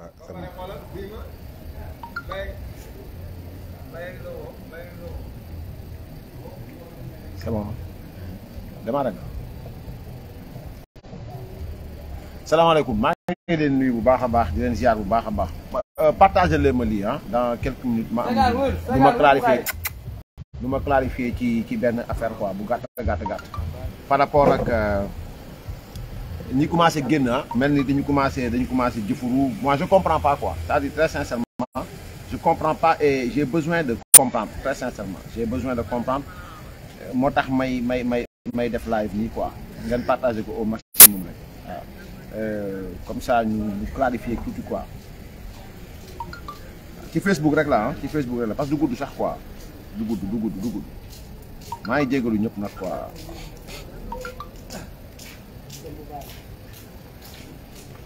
sama c'est bon démarré na salaamaaleykum maa ngi leen nuyu bu baax a baax di leen ziar bu baax euh, dans quelques minutes ma ma clarifié ma clarifié quoi par rapport ak euh, Ni commencé génn ah, melni ni dañu commencé dañu commencé jëfuru moi je comprends pas quoi c'est-à-dire très sincèrement je comprends pas et j'ai besoin de comprendre très sincèrement j'ai besoin de comprendre motax may may may may def live ni quoi ngeen partager ko au maximum rek euh comme ça nous clarifier tout quoi ci Facebook rek la hein ci Facebook rek la parce que du de sax quoi du gudd du gudd du gudd maa ngi ñep ñëpp quoi.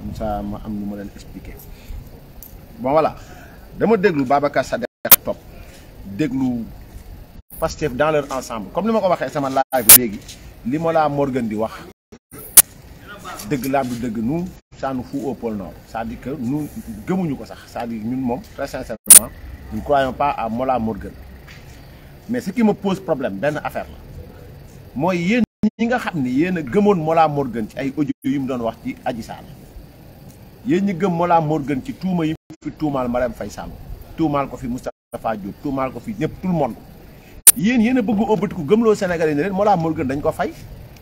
comme ça ma expliquer bon voilà dama déglu Top déglu Pasteur dans leur ensemble comme je ko waxee sama live léegi li ma Morgan di wax dëgg laa de ça nous fout au pôle nord c'est-à-dire que nous vais dire très sincèrement nous croyons pas à Mola Morgan mais ce qui me pose problème Je affaire Yen ñi gëm Morgan Morgun ci tuuma yi fi tuumal maram Faye Sall tuumaal ko fi Moustapha Diop tuumal ko fi ñep tout le monde yéen yéen bëgg ëbbatiku gëm lo sénégalais ne leen Mollah Morgun dañ ko fay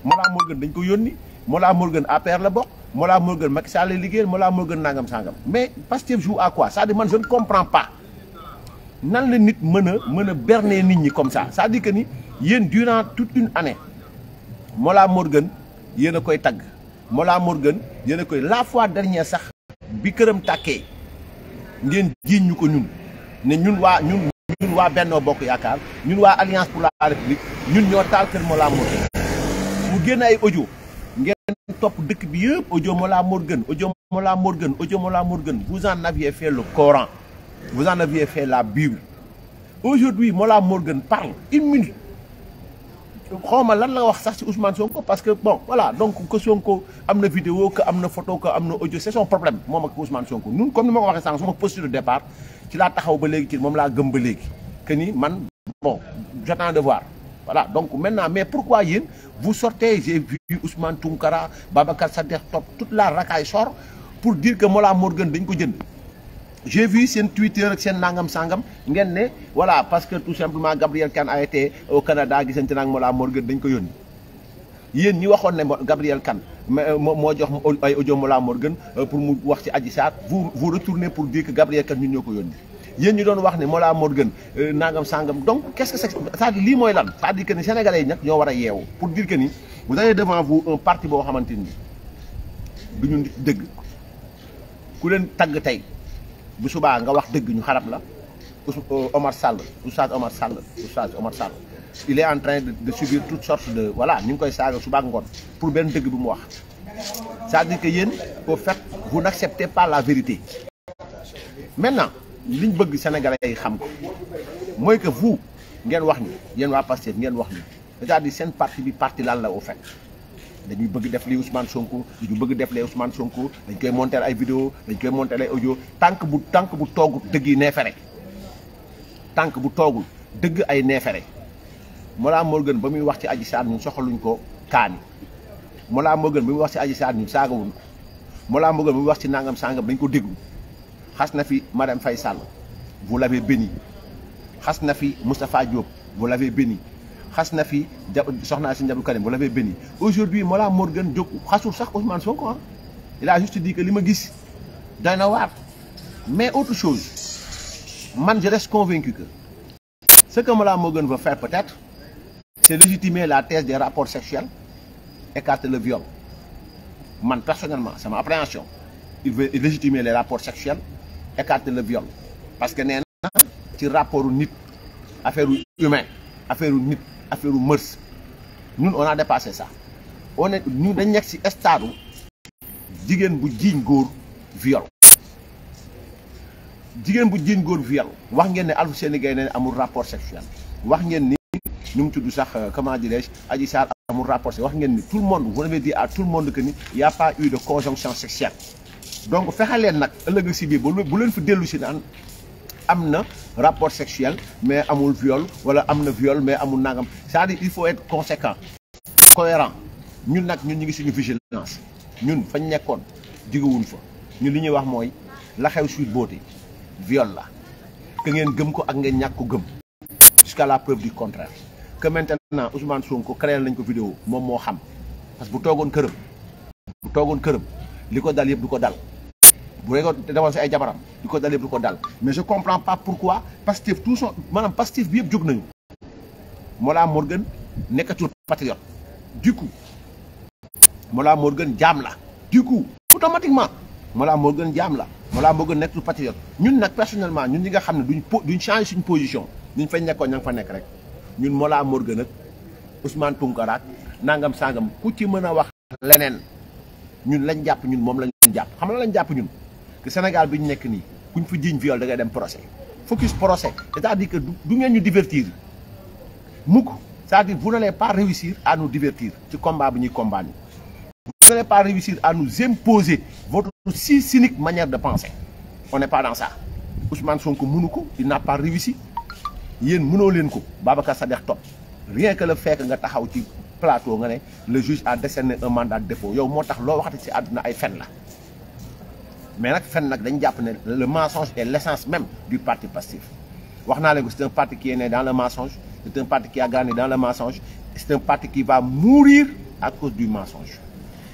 mola morgan dañ ko yónni Mollah Morgun APR la bokk Mollah Morgun Macky Sall la mola Mollah nangam sangam mais Pastef joue à quoi ça dit man je ne comprends pas nan la nit meuna meuna mën berner nit ñi comme ça ça dit que ni yeen durant toute une année mola Morgun yéen koy tag, mola Morgan yéen koy la fois dernière sax bi Také, tàkkee ko ñun né ñun wa ñun ñun Benno Bokk Yaakaar ñun Alliance pour la République ñun ño taal kër Vous Morgun mu génn ay audio ngén top dëkk bi yépp audio Mollah Morgun audio Morgan, audio vous en aviez fait le Coran vous en aviez fait la Bible aujourd'hui Mola Morgan parle une minute xawma lan la wax sax ci Ousmane Sonko parce que bon voilà donc que Sonko a des vidéo que a des photo que a audio c'est son problème moi ak Ousmane Sonko Nous, comme ni ma ko waxee sànq sama posture de départ ci l'a taxaw ba qui ci moom laa gëm que ni man bon j'attends de voir voilà donc maintenant mais pourquoi yin vous sortez j'ai vu Ousmane Tunkara, Babacar Sader, Top toute la racaille sort pour dire que Mola Morgan dañ ko j'ai vu un Twitter c'est nangam sangam voilà parce que tout simplement Gabriel Khan a été au Canada qui s'est rendu Morgan Gabriel Kahn, euh, moi, jox ay audio euh, pour me wax vous retournez pour dire que Gabriel Khan. ñun pas il y a nangam sangam donc qu'est-ce que c'est cest ça dire cest que sénégalais pour dire que ni vous avez devant vous un parti bu subaa nga wax deug ñu xarab la euh, Omar Sall oustaz Omar Sall oustaz Omar Sall il est en train de subir toutes sortes de voilà ñu koy saaga subaa ngone pour ben deug bu mu wax ça dit que yéen au fait vous n'acceptez pas la vérité maintenant liñ bëgg sénégalais yi xam ko moy que vous ngeen wax ni yéen wa passer, ngeen wax ni c'est-à-dire sen parti bi parti lan la au fait dañuy bëgg def li Ousmane Sonko dañu bëgg def lee Ousmane Sonko dañ koy monter ay vidéo dañ koy monter ay audio tànk bu tànk bu toogul dëgg yi neefere tànk bu toogul dëgg ay neefere Mollah Morgun ba muy wax ci Adji Sarr ñun soxaluñ ko kaani Mollah Morgun ba muy wax ci aji Sarr ñun saagawuñ Mollah Morgun ba muy wax ci nàngam sàngam dañ ko déglu xas na fi Marème fay Sall vous l'avez béni xas na fi Moustapha Diop vous l'avez béni vous l'avez béni aujourd'hui Mola Morgan ah. il a juste dit que l'image que gis vois mais autre chose je reste convaincu que ce que Mola Morgan veut faire peut-être c'est légitimer la thèse des rapports sexuels écarter le viol Moi personnellement c'est ma appréhension il veut légitimer les rapports sexuels écarter le viol parce que nee un ci rapport nit affaire humain affaire nit affaire mœurs nous on a dépassé ça on est nous dañ nekk ci stade jigéen bu jiiñ viol Digène bu jiiñ gor viol wax ngeen ne Alpha sénégalais né amul rapport sexuel wax ngeen ni ñum mu tudd sax euh, comment dirais-je Adji Sarr amul rapport wax ngeen ni tout le monde vous avez dit à tout le monde que ni y a pas eu de conjonction sexuelle donc fexe nak nag ci bi bu leen fi déllu ci rapport sexuel mais amoul viol wala am viol mais amoul nagam. c'est-à-dire il faut être conséquent cohérent ñun nag ñun ngi vigilance ñun fañ nekkoon jigewuñ fa ñun li ñuy wax mooy la xew Sweet Beauty viol la que ngeen gëm ko ak ngeen ñàkk ko gëm jusqu'à la preuve du contraire que maintenant Ousmane Sonko crée une ko vidéo moom moo xam parce que bu vous avez bu toogoon këram li ko dal yëpp du dal bu dee ko demoon si ay jabaram di ko dalee du ko dal mais je comprends pas pourquoi parce Pastef tout son maanaam Pastef bi yëpp jóg nañu Mollah Morgun nekkatul patriote du coup Mollah Morgan jaam la du coup automatiquement Mollah Morgun jaam la Mollah Morgun nekkatul patriote ñun nag personnellement ñun ñi nga xam ne duñ po duñ changer suñu position ñu fañ nekkoon ña nga fa nekk rek ñun Mollah Morgun ak Ousmane Tounkara nangam sangam ku ci mën a wax leneen ñun lañ jàpp ñun moom lañ jàpp xam na lañ jàpp ñun que le Sénégal ne ñu pas nii kuñ fi viol da dem procès focus procès c'est-à-dire que nous ngeen nous divertir c'est-à-dire vous n'allez pas réussir à nous divertir combat que combat vous n'allez pas réussir à nous imposer votre si cynique manière de penser on n'est pas dans ça Ousmane Sonko mënu il n'a pas réussi il n'a pas réussi. Babacar top top. rien que le fait que nga taxaw ci plateau le juge a décerné un mandat de dépôt Il moo tax un waxati ci dépôt mais nak fen nak dañ japp né le mensonge est l'essence même du parti passif. wax ko c'est un parti qui est né dans le mensonge c'est un parti qui a grandi dans le mensonge c'est un parti qui va mourir à cause du mensonge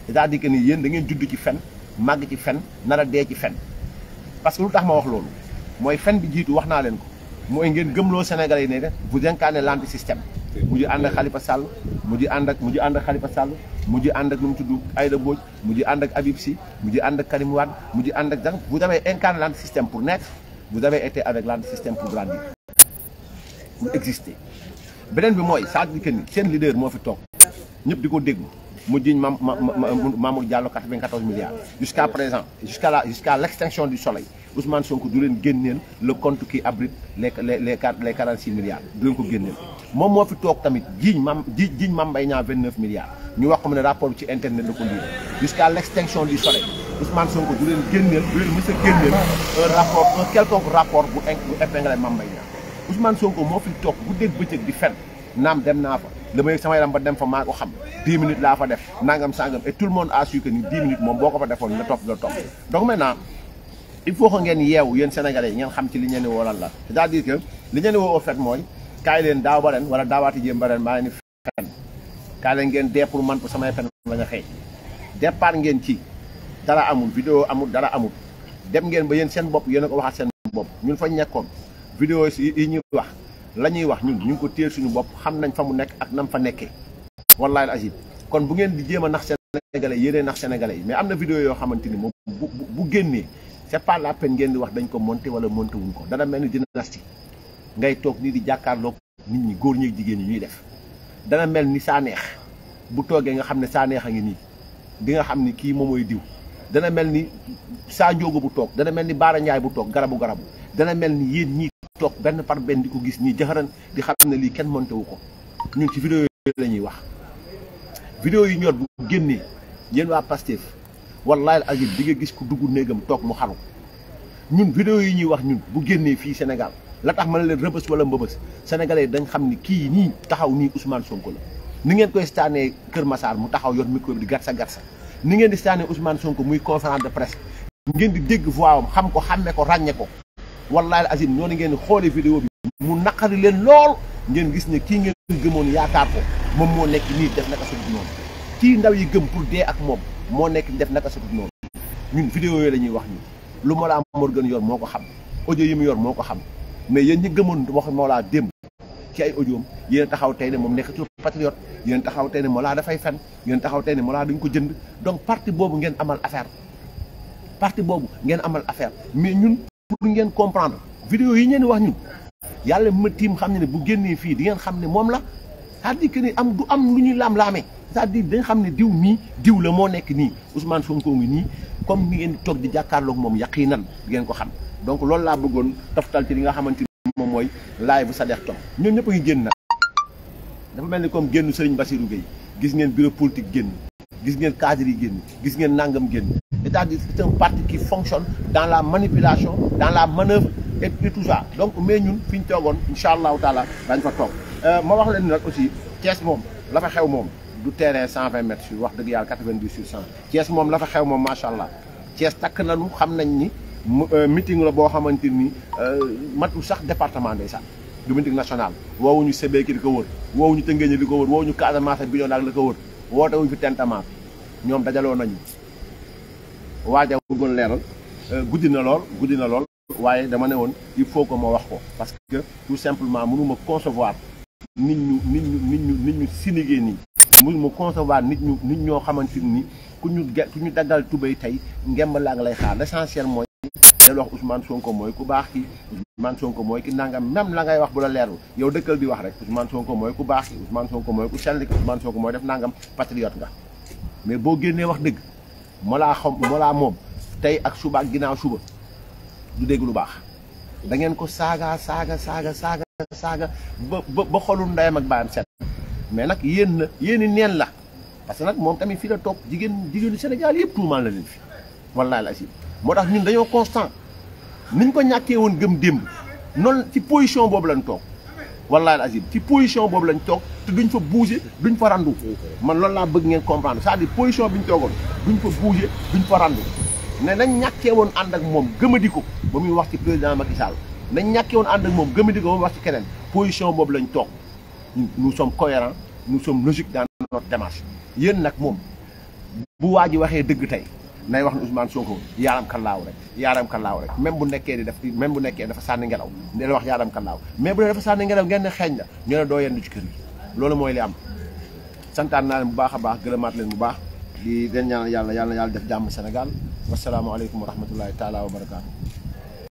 c'est-à-dire que ni yeen da ngeen judd ci fen mag ci fen nar dé ci fen parce que lutax ma wax lolu. Moy fen bi jitu wax naa ko Moy ngeen gëmloo Sénégalais yi vous incarnez l'antisystème système. vous ànd ak Khalifa Sall mu ji ànd ak mujj ànd ak Khalifa Sall mujj ànd ak nu mu tudd Aïda Mbodj mujj ànd ak Habib Sy mujj ànd ak Karim Wade mujj ànd ak Jacques vous avez incarné l'anti système pour naître vous avez été avec l'anti système pour grandir pour exister beneen bi mooy c'est-à-dire que ni seen leader moo fi toog ñëpp di ko déglu mu jiñ Mamour Diallo 94 milliards jusqu'à présent jusqu'à la jusqu'à l'extinction du soleil Ousmane Sonko du len gennel le compte qui abrite les les les 46 milliards du leen ko gennel mom mo fi tok tamit djign mam djign mam bay ñaa 29 milliards ñu wax ko ne rapport ci internet la ko lire jusqu'à l'extinction du soleil Ousmane Sonko du len gennel du len monsieur gennel un rapport un quelconque rapport bu bu épinglé mam bay ñaa Ousmane Sonko mo fi tok bu deg beuk di fenn nam dem na fa la may sama yaram ba dem fa maa ko xam 10 minutes la fa def nangam sangam et tout le monde a su que ni 10 minutes mom boko fa defone nga top nga top donc maintenant il faut que ngeen yeew yéen sénégalais yi ngeen xam ci li ngeen di woo lan la c'est-à-dire que li ngeen di woo au fait mooy kaay leen daaw ba ren wala daawaati jéem ba ren maa ngi ni fen kaay leen ngeen dee pour man pour samay fen la nga xëy départ ngeen ci dara amul vidéo amul dara amul dem ngeen ba yéen seen bopp yéen ko waxaat seen bopp ñun fañ nekkoon vidéo yi ñuy wax la ñuy wax ñun ñu ko téye suñu bopp xam nañ fa mu nekk ak nam fa nekkee wallahi azim kon bu ngeen di jéem a nax sénégalais yéenee nax sénégalais yi mais am na vidéo yoo xamante ni moom bu bu génnee c'est pas la peine ngeen di wax dañ ko monter wala monter wuñ ko dana mel ni dynastie ngay tok ni di jakarlo nit ñi góor ñeeg jigéen ñi Dalam def dana mel ni saa neex bu toge nga xamne sa neex nga ni di nga xamni ki mo moy diw dana mel ni saa bu tok dana mel ni baara bu tok garabu garabu dana mel ni yéen ñii toog par ben di ko gis ñii jaxaran di xamne li lii kenn monté wuko ñun ci video yooyu wax video yi ñor bu génné yeen wa pastef wallahi azim di nga gis ku dugg néegam toog mu xaru ñun vidéo yi ñuy wax ñun bu génnee fii Sénégal la tax ma ne leen rëbës wala mbëbës sénégalais dañ xam ni kii nii taxaw nii Ousmane Sonko la ni ngeen koy staanee Kër Massar mu taxaw yoon yor micro bi di gatsa gatsa ni ngeen di staanee Ousmane Sonko muy conférence de presque ngeen di dégg voix am xam ko xàmme ko ràññe ko wallahi azim noonu ngeen di xoolee vidéo bi mu naqari leen lool ngeen gis ni kii ngeen gëmoon yaakaar moom moo nekk nii def naka ki ndaw yi gëm pour dé ak mom mo nek def naka sa non ñun vidéo yi lañuy wax ñu lu mo la Mollah Morgun yor moko xam audio yi mu yor moko xam mais yeen ñi gëmon wax mo la dem ci ay audio yeen taxaw tey ne nek ci patriote yeen taxaw tey ne da fay fan yeen taxaw tey ne la duñ ko jënd donc parti bobu ngeen amal affaire parti bobu ngeen amal affaire mais ñun pour ngeen comprendre vidéo yi ñeen wax ñun yalla ma tim xam ne bu génné fi di ngeen xam ne moom la cest que am du am ñuy des Ça cest c'est-à-dire dañ diw la mo Ousmane comme ni ngeen tok di ko donc loolu la bëggoon taftal ci li nga mom moy live ne dafa melni comme Serigne Bassirou Gueye gis bureau politique gis cadre yi gis ngeen nangam c'est un parti qui fonctionne dans la manipulation dans la manœuvre et, puis tout ça donc mais ñun fiñ togon inshallah taala dañ fa tok euh ma wax len nak aussi ties mom la fa xew mom du terrain 120 mètres sur wax deug yaal 90 sur 100 ties mom la fa xew mom machallah ties tak na lu xam nañ ni euh, meeting la bo xamanteni euh matu sax département ndaysan du meeting national sebe ki diko wër ñu teungeñu diko wër wowuñu casamance bi ñoo nak la ko wër wota wu fi tentement ñom dajalo nañu waja gon leral euh, gudina lol gudina lol il faut que je parce que tout simplement nous concevoir nit nit nous nit nit concevoir nit ñu ñoo ni ku ñu pas ñu daggal ngemb l'essentiel Ousmane Sonko ku baax Ousmane Sonko ki nangam même la ngay wax bu la yow di Ousmane Sonko Ousmane ku baax Ousmane Sonko ku Ousmane Sonko def nangam patriote nga mais wax ni. xam ak suba suba du dégg lu baax da ngeen ko saaga saaga saaga saaga saaga ba ba ba xolul ndeyam ak baayam set mais nag yéen na yéen i neen la parce que nag moom tamit fii la toog jigéen jigéenu Sénégal yëpp tuumaal la leen fi wallaay la asib moo tax ñun dañoo constant nuñ ko ñàkkee woon gëm démb noonu ci position boobu lañ toog wallaay la asib ci position boobu lañ toog te duñ fa bouger duñ fa randu man loolu laa bëgg ngeen comprendre saa à position bi ñu toogoon duñ fa bouger duñ fa ne nañ ñàkkee woon ànd ak moom gëmadi ko ba muy wax ci président Macky Sall nañ ñàkkee woon ànd ak moom gëmadi ko ba wax ci keneen position boobu lañu toog nous sommes cohérents nous sommes logique dans notre démarche yéen nag moom bu waa ji waxee dëgg tey nay wax ne Ousmane Sonko yaaram kallaaw rek yaaram kallaaw rek même bu nekkee di def même bu nekkee dafa sànni ngelaw dina wax yaaram kallaaw mais bu dee dafa sànni ngelaw ngeen ne xeeñ na ñu ne doo yendu ci kër gi loolu mooy li am santaan naa leen bu baax a baax gërëmaat leen bu baax di leen ñaanal yàlla yàlla na yàlla def jàmm Sénégal wasalaamaaleykum wa rahmatullahi taala wa barakaatu.